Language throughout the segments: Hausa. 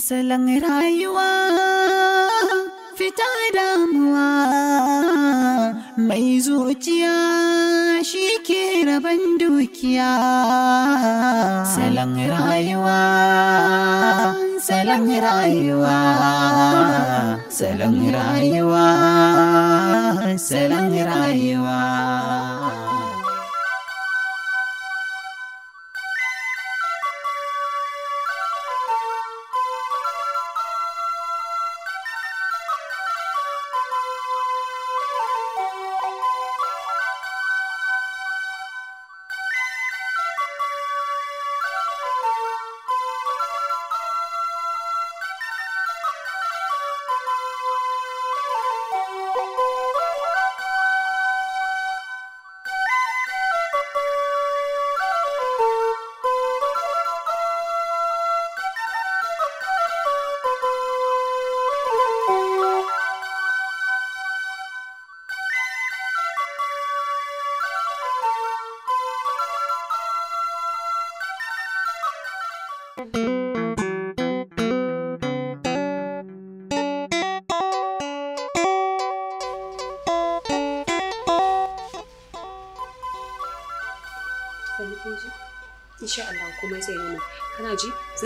salon rayuwa fita damuwa mai zuciya shi ke rabon dukiya salon rayuwa salon rayuwa salon rayuwa salon rayuwa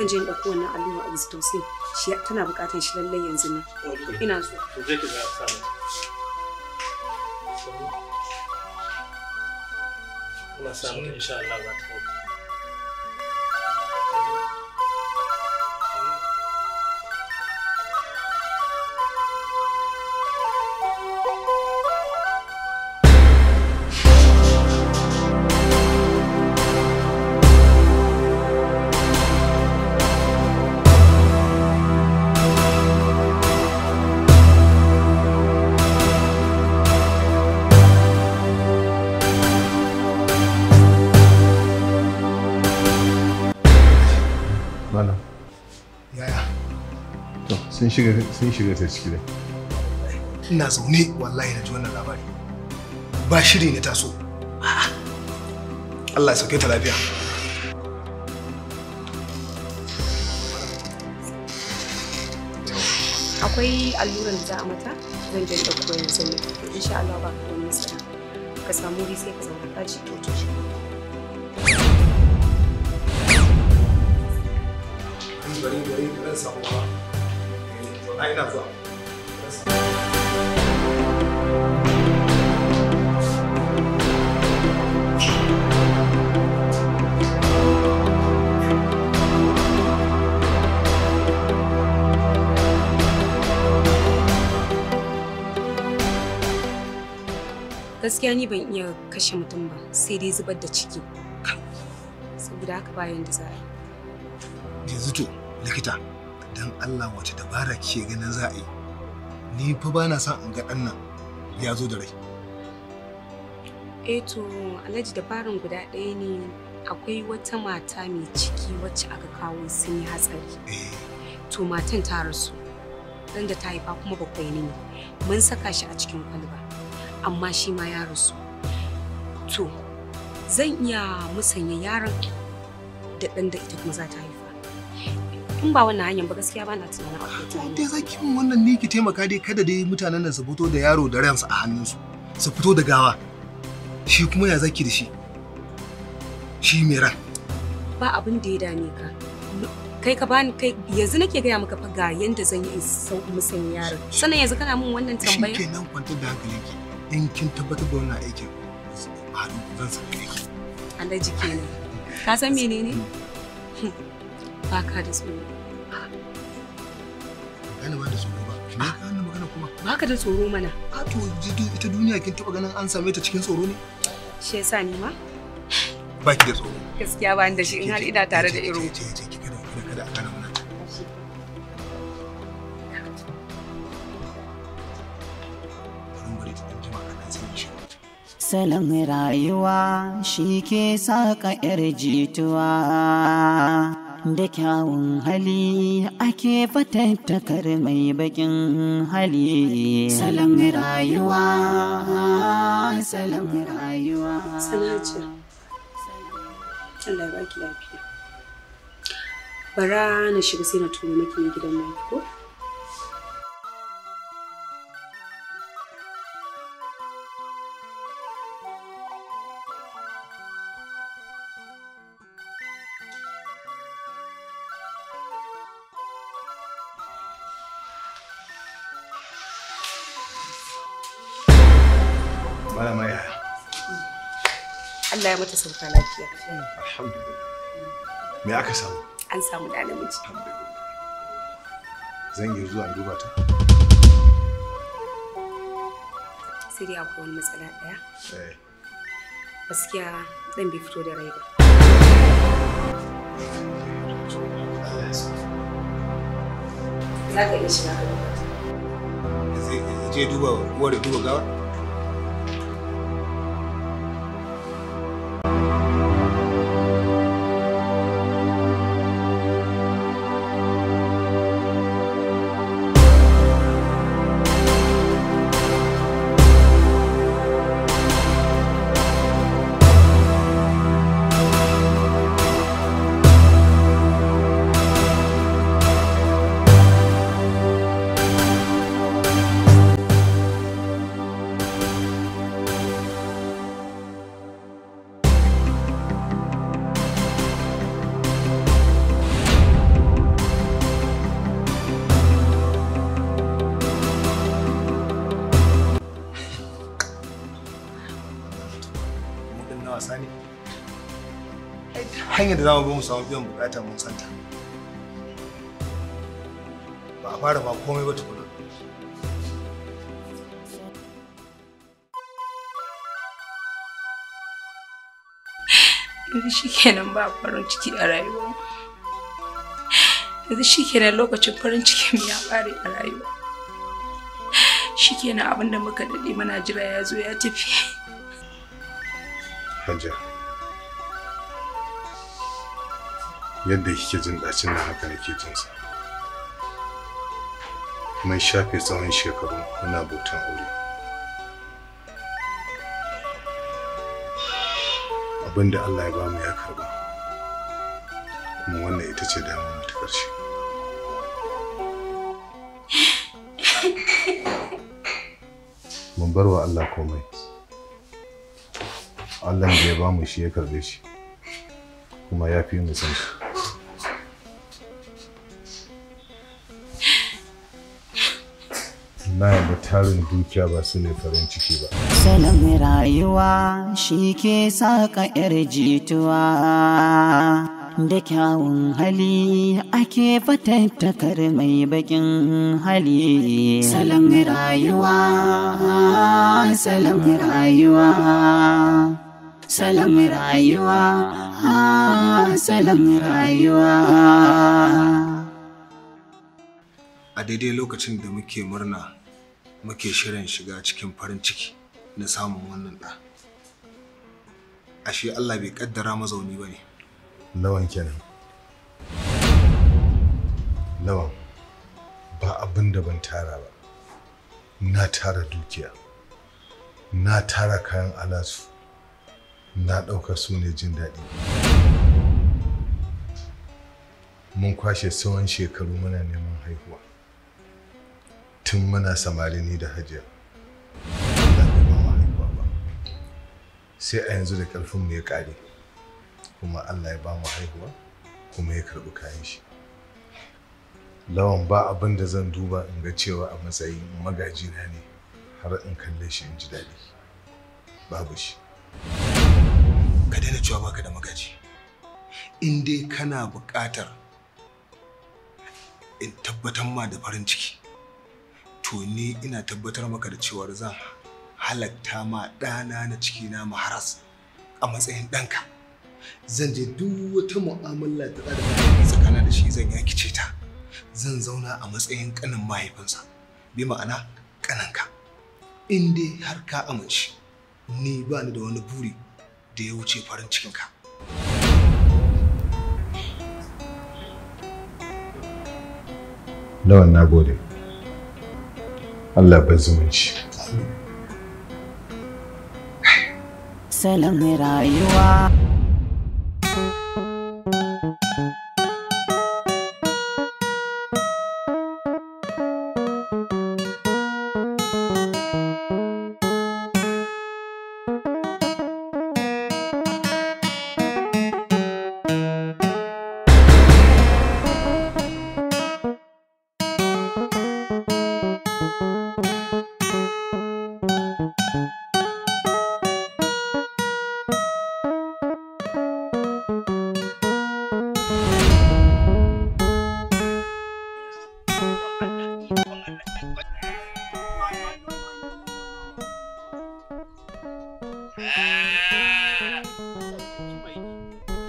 zan je in ɗauko wannan allura a bistausin shi tana buƙatar shi lallai yanzu ne ina so Allah je samu insha Allah za ta sun shiga ta ciki da ina zaune wallahi na ji wannan labari ba shiri na taso Allah ya sauke ta lafiya akwai allurar da za a mata zan je ɗauko yanzu ne insha Allah ba ka da nasara, ka samu wuri sai ka zauna ka ci to shi bari you. ba a ina gaskiya ni ban iya kashe mutum ba sai dai zubar da ciki saboda haka bayan da za a yi yanzu to likita dan Allah wace dabara ke ganin za a yi ni fa ba na son in ga dan nan ya zo da rai eh to alhaji dabarin guda ɗaya ne akwai wata mata mai ciki wacce aka kawo sun yi hatsari eh. to matan ta rasu dan da ta haifa kuma bakwai ne mun saka shi a cikin kwalba amma shi ma ya rasu to zan iya musanya yaron da ɗan da ita kuma za ta haifa in ba wannan hanyar ba gaskiya ba na tunanin akwai ko dai zaki min wannan ne ki taimaka dai kada dai mutanen nan su fito da yaro da ransa a hannunsu su fito da gawa shi kuma ya zaki da shi shi mai ran ba abin da ya dame ka kai ka bani kai yanzu nake gaya maka fa ga yanda zan yi musan yaron sannan yanzu kana min wannan tambaya kenan kwantar da ki in kin tabbatar da wannan aikin ba zan saka ki Allah jike ne ka san menene ba ka da tsoro gane ba da tsoro ba me ka hannu magana kuma ba ka da tsoro mana a to ita duniya kin taba ganin an same ta cikin tsoro ne shi yasa ni ma ba ki da tsoro gaskiya ba da shi in har ina tare da irin ki ki kada kada a kana mana Salon rayuwa shi ke saka 'yar jituwa. da kyawun hali ake fatattakar mai bakin hali salam rayuwa salam rayuwa sallaci Allah ya baki lafiya bara na shiga sai na turo maki gidan mai ko Allah ya mata sauka lafiya. Alhamdulillah. Me aka samu? An samu da namiji. Zan yi zuwa duba ta. Sai ya akwai wani matsala Eh. Gaskiya ɗan bai fito da rai ba. Za ka iya shiga ka duba. Je duba uwar duba gawa? hanyar da za mu bi mu samu biyan bukatar mun santa ba a fara ba komai ba tukuna yanzu shi kenan ba farin ciki a rayuwa yanzu shi kenan lokacin farin cikin ya fare a rayuwa shi kenan abinda muka daɗe mana jira ya zo ya tafi Hajiya. yadda kike jin dacin nan haka nake jin sa mun shafe tsawon shekaru ina bautan aure Abinda da Allah ya ba mu ya karba kuma wannan ita ce damar mu ta ƙarshe mun bar wa Allah komai Allah ya ba mu shi ya karbe shi kuma ya fi mu san na yaba tarin dukiya ba su ne farin ciki ba. Salam rayuwa shi ke saka yar jituwa. Da kyawun hali ake fatattakar mai bakin hali. Salam rayuwa, salam rayuwa. Salam rayuwa, salam rayuwa. a daidai lokacin da muke murna muke shirin shiga cikin farin ciki na samun wannan ɗa. Ashe Allah bai ƙaddara mazauni ba ne. Lawan kenan. Lawan, ba abin da ban tara ba. Na tara dukiya, na tara kayan alasu. na ɗauka su ne jin daɗi. Mun kwashe tsawon shekaru muna neman haihuwa. tun muna samari ni da hajiya sai a yanzu da ƙarfinmu ya ƙare kuma allah ya ba mu haihuwa kuma ya karɓi kayan shi lawan ba abin da zan duba in ga cewa a matsayin na ne har in kalle shi in ji daɗi babu shi ka daina cewa baka da magaji in dai kana buƙatar in tabbatar ma da farin ciki to ni ina tabbatar maka da cewar zan halatta ma ɗana na cikina maharas a matsayin ɗanka zan je duk wata mu'amala ta da tsakanin da shi zan yakice ta zan zauna a matsayin ƙanin mahaifinsa bi ma'ana ka, in dai har ka amince ni ba ni da wani buri da ya wuce farin cikinka lawan na gode Allah bai zumunci salam rayuwa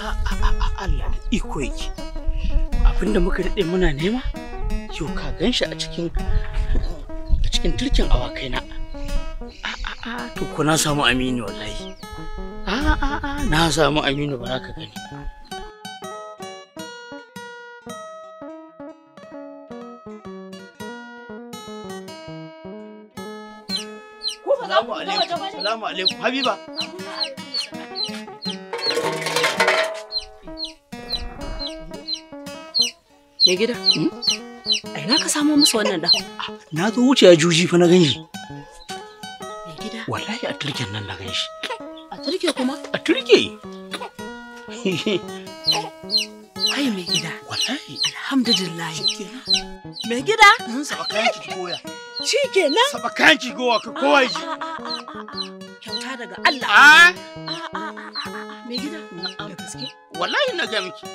Allah iko yake abinda muka daɗe muna nema yau ka gan shi a cikin a cikin turkin awakai na to ko na samu aminu wallahi na samu aminu ba za ka gani Salamu salamu alaikum, Habiba. Me gida? Hmm? Ai na ka samo musu wannan ɗan? Na zo wuce a juji fa na gan shi. Me gida? Wallahi a turken nan na gan shi. A turke kuma? A turke. Ai me gida. Wallahi. Alhamdulillah. Me gida? Mun saba kayan ki goya. Shi kenan? Saba kayan ki goya ka kowa ji. Ah, ah, ah, Kyauta daga Allah. Ah. me gida? Na'am gaske. Wallahi na ga miki.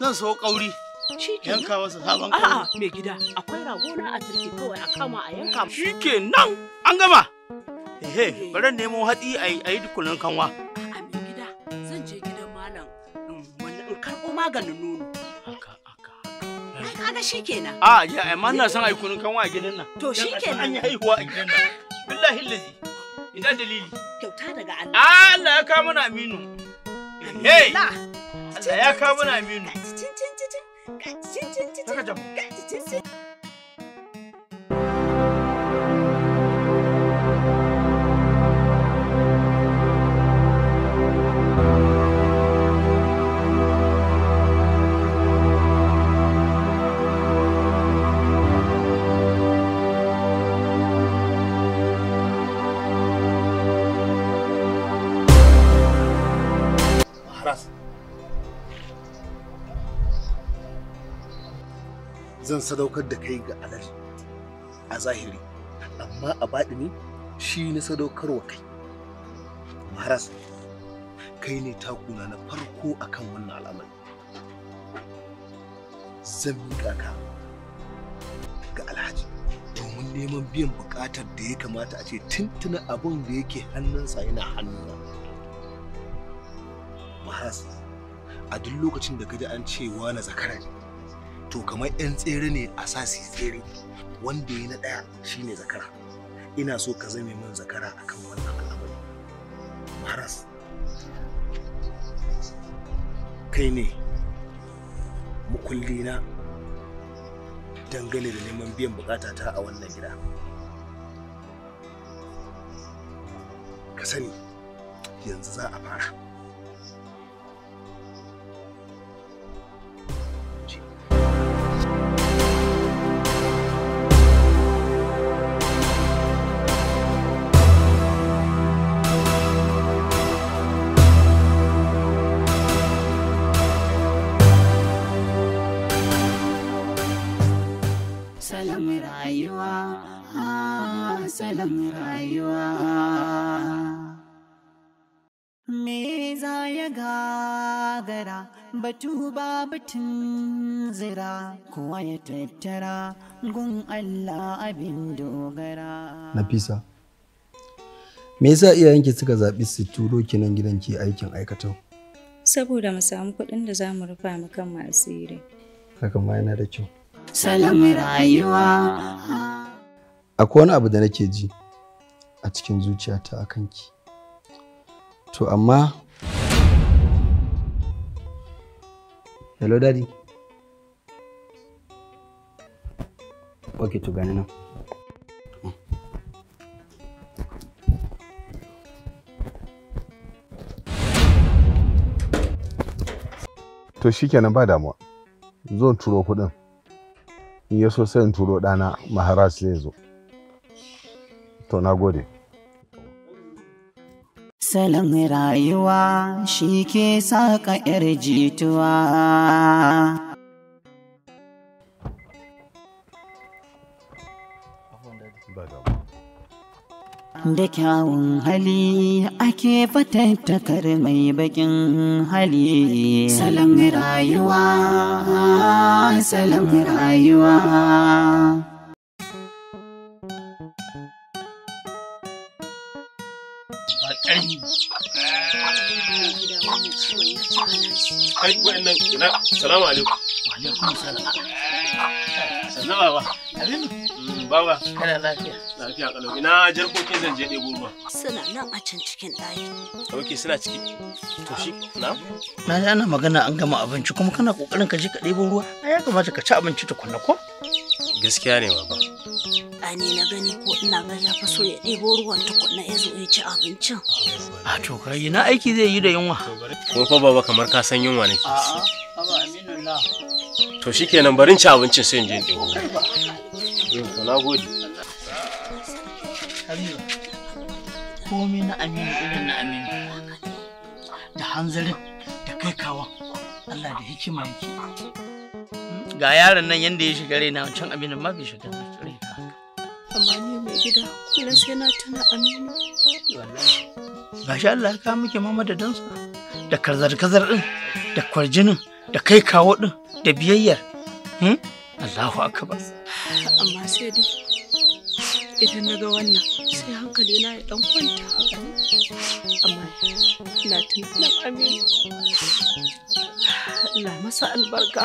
Zan so kauri. yanka masa sabon kawo. A'a, mai gida, akwai ragona a turki kawai a kama a yanka. Shi ke nan, an gama. Ehe, bari nemo hatsi a yi dukunan kanwa. A'a, mai gida, zan je gidan malam um, in karɓo maganin nono. Haka, haka. Ai, kaga shi A'a, ya, ai, ma ina son a kunun kanwa a gidan nan. To, shi An yi haihuwa a gidan nan. Billahi lazi. Ina dalili. Kyauta daga Allah. Ah, Allah ya kawo mana Aminu. Hey! Allah ya kawo mana Aminu. 赶紧，赶紧，赶赶紧，赶紧。zan sadaukar da kai ga alal a zahiri amma a baɗini shi na wa kai maras kai ne takuna na farko akan wannan al'amari zan miƙa ka ga alhaji domin neman biyan buƙatar da ya kamata a ce tuntuna abin da yake hannunsa yana hannuna maras a duk lokacin da ka an cewa na zakara to kamar 'yan tsere ne a sa tsere wanda ya na ɗaya shine zakara ina so ka zame min zakara akan wannan al'amari maras kai ne mukulli na dangane da neman biyan bukatata a wannan gida ka sani yanzu za a fara salam rayuwa salam rayuwa me za ya gagara batu ba batun zira Kuwa ya tattara gun Allah abin dogara Nafisa me yasa iyayenki suka zaɓi su turo ki nan gidan ki aikin aikatau saboda mu samu kuɗin da za mu rufa mu kan asiri haka ma yana da kyau salon rayuwa akwai wani abu da nake ji a cikin zuciyata a kanki to amma hello daddy ok to gani nan to shi kenan ba damuwa zo turo kuɗin in yaso so sai in turo ɗana maharaj zai zo to na gode salon rayuwa shi ke saka 'yar jituwa da kyawun hali ake fatattakar mai bakin hali salam rayuwa salam rayuwa Ai, wa'annan, ina, salamu alaikum. Wa alaikum salam. Sannan ba ba, Baba. Kana lafiya. Lafiya kalau. Ina jarkokin zan je ɗebo ruwa. Suna nan a can cikin ɗaki. Okay, suna ciki. To shi na? Na ji ana magana an gama abinci kuma kana kokarin ka je ka ɗebo ruwa. A ya kamata ka ci abinci tukunna ko? Gaskiya ne baba. A ni na gani ko ina ga ya fa so ya ɗebo ruwan tukunna ya zo ya ci abincin. A to kai na aiki zai yi da yunwa. Ko fa baba kamar ka san yunwa nake. A'a. Baba Aminullah. To shikenan barin ci abincin sai in je in ɗebo ruwa. to na gode komai na aminu irin na aminu da hanzarin da kai kawo Allah da hikima yake ga yaron nan yanda ya shiga raina can aminin ma bai shiga raina amma ni mai gida kullum sai na tana aminu ga shi Allah ka muke mama da dansa da karzar-kazar din da kwarjinin da kai kawo din da biyayyar hmm? Allahu akbar amma sai dai idan na ga wannan sai hankali na ya dan kwanta amma ina tunanin amina Allah masa albarka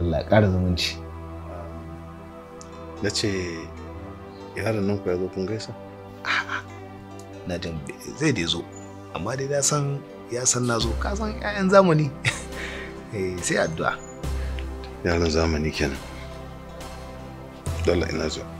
Allah ƙara zumunci na ce yaron nan ku ya zo kun gaisa na jin zai dai zo amma dai na san ya san na zo ka san 'ya'yan zamani eh, sai addu'a yaron zamani kenan dole ina zuwa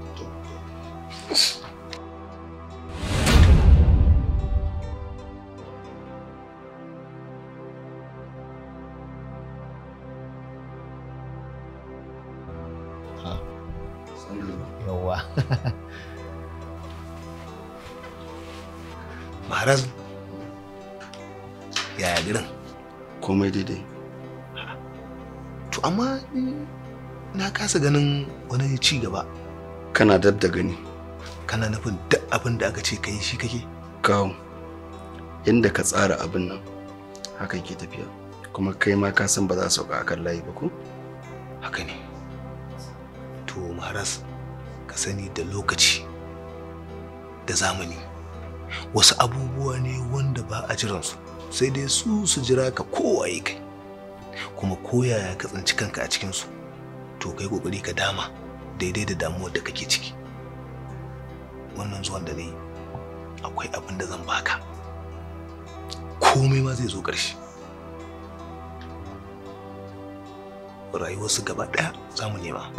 kasa ganin wani ci gaba kana dab da gani kana nufin duk abin da aka ce kai shi kake kawo inda ka tsara abin nan haka ke tafiya kuma kai ma ka san ba za su akan layi ba ko haka ne to maras ka sani da lokaci da zamani wasu abubuwa ne wanda ba a jiransu sai dai su su jira ka kowaye kai kuma koyaya ka tsinci kanka a cikinsu to kai kokari ka dama daidai da damuwar da kake ciki wannan zuwan da nayi akwai abin da zan baka komai ma zai zo ƙarshe rayuwarsu gaba ɗaya za mu nema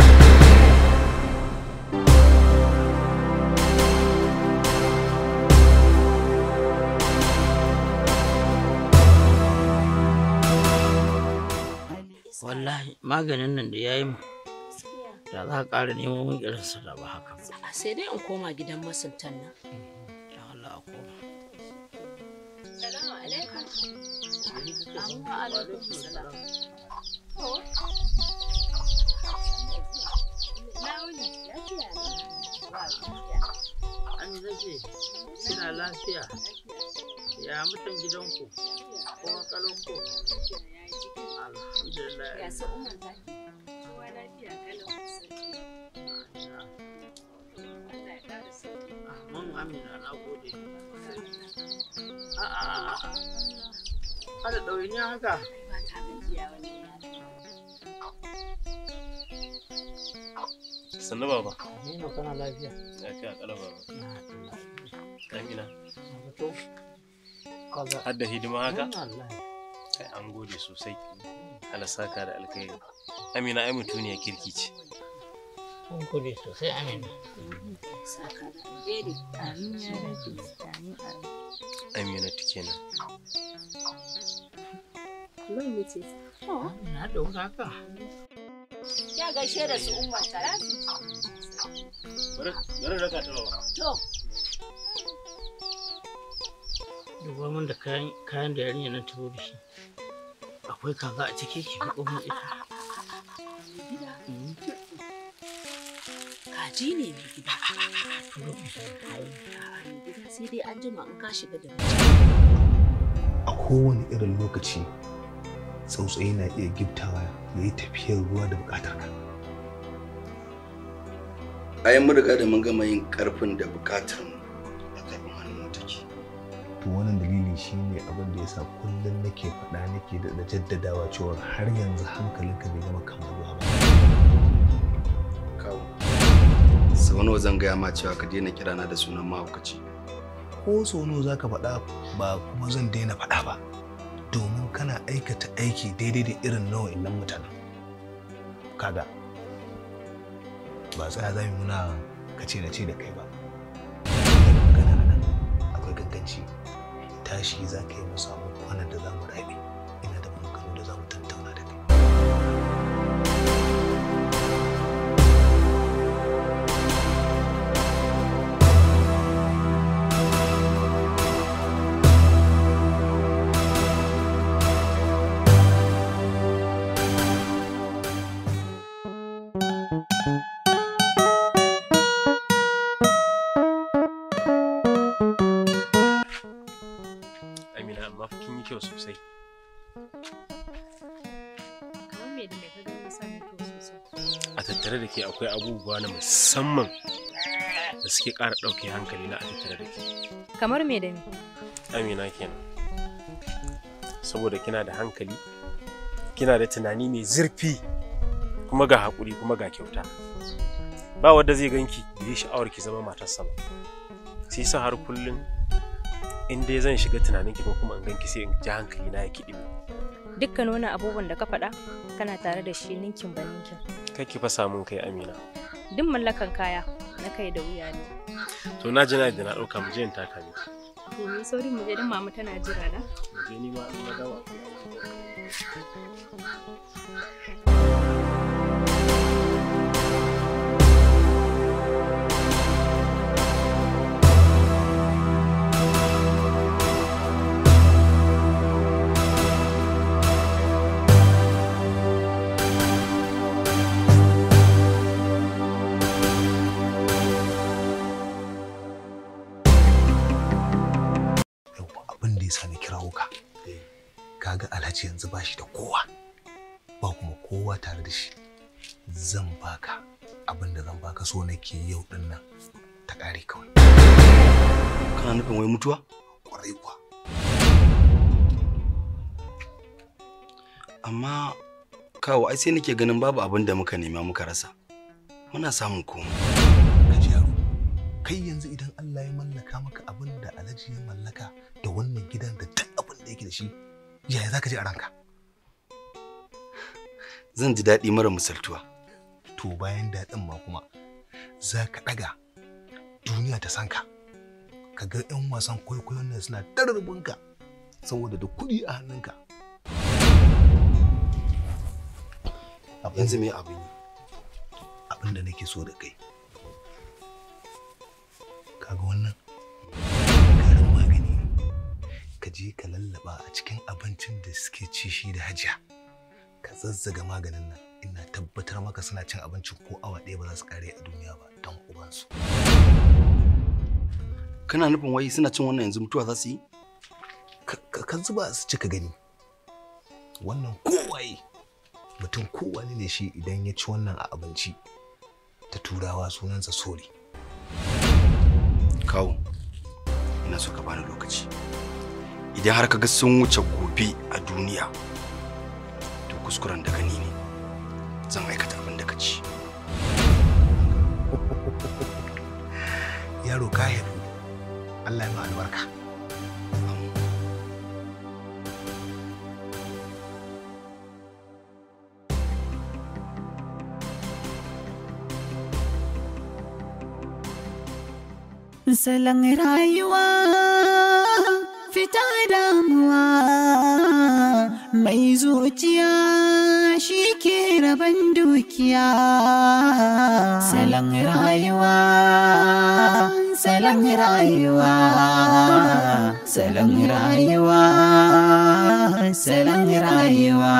wallahi maganin nan da ya yi mu da za ka ƙara neman mun irin su da ba haka ba sai dai in koma gidan masuntan nan ya Allah a koma Assalamu alaikum Assalamu alaikum alaikum. Assalamu oh. alaikum. Assalamu an gaje suna lafiya ya mutan gidanku kuma kalonku alhamdulillah ya su umar zaki kowa lafiya mun amina na gode haka ba ta wani sannu baba ni kana lafiya lafiya kala baba amina to hidima haka kai an gode sosai ala da alkhairi amina ai mutuniya kirki ce an gode sosai amina saka kenan Love you, Oh, ka. Ya gaishe da su umar tara. Bari raka ta To. Duba mun da kayan da yarinya nan ta zo shi. Akwai kaza a ciki ki ko mun ita. Kaji ne gida. Sai dai an jima in ka shiga da A kowane irin lokaci tsautsayi na iya giftawa ya yi tafiyar ruwa da bukatar ka a yi murga da mun gama yin karfin da bukatar mu a karfin hannun take to wannan dalili shine abin da sa kullum nake faɗa nake da jaddadawa cewa har yanzu ka bai gama ruwa ba kawo sau nawa zan gaya ma cewa ka daina kirana da sunan mahaukaci ko sau nawa zaka faɗa ba kuma zan daina faɗa ba domin kana aikata aiki daidai da irin nawa innan mutanen kaga ba tsaya za mu muna kace na ce da kai ba magana nan akwai ganganci tashi za ka yi mu samu kwanan da za mu rabe akwai abubuwa na musamman da suke ƙara ɗauke hankali na a tattare da ke. Kamar me da ni? Amina kenan. Saboda kina da hankali, kina da tunani mai zurfi kuma ga haƙuri kuma ga kyauta. Ba wanda zai ganki da yi sha'awar ki zama matarsa ba. Sai sa har kullum in dai zan shiga tunanin ki ko kuma in ganki sai in ji hankali na ya kiɗi. dukkan wani abubuwan da ka faɗa kana tare da shi ninkin ba ninkin kai ki fasa mun kai amina duk mallakan kaya na kai da wuya ne to na ji na da na ɗauka mu je in taka to ni sauri mu je dan mama tana jira na mu je ni ma ga dawa Ka so nake yau din nan ta ƙare kawai kana nufin wai mutuwa ƙwarai kuwa amma kawo ai sai nake ganin babu abin da muka nema muka rasa muna samun komai kaji yaro kai yanzu idan Allah ya mallaka maka abin da Alhaji ya mallaka da wannan gidan da duk abin da yake da shi yaya zaka ji a ranka zan ji daɗi mara misaltuwa to bayan daɗin ma kuma za ka ɗaga duniya ta san ka ka ga 'yan wasan kwaikwayon nan suna ka saboda da kuɗi a hannunka yanzu mai abin yi abin da nake so da kai kaga wannan garin magani ka je ka lallaba a cikin abincin da suke ci shi da hajiya ka zazzaga maganin nan ina tabbatar maka suna cin abincin ko awa ɗaya ba za su kare a duniya ba don ubansu kana nufin wai suna cin wannan yanzu mutuwa za su yi ka zuba su cika gani wannan kowaye mutum kowane ne shi idan ya ci wannan a abinci ta turawa sunansa sori kawo ina so ka bani lokaci idan har ka ga sun wuce gobe a duniya to kuskuren da ka ne zan aikata abin da ka ci yaro ka Allah ya albarka Salon rayuwa fita damuwa mai zuciya shi ke rabon dukiya salon rayuwa salon rayuwa salon rayuwa salon rayuwa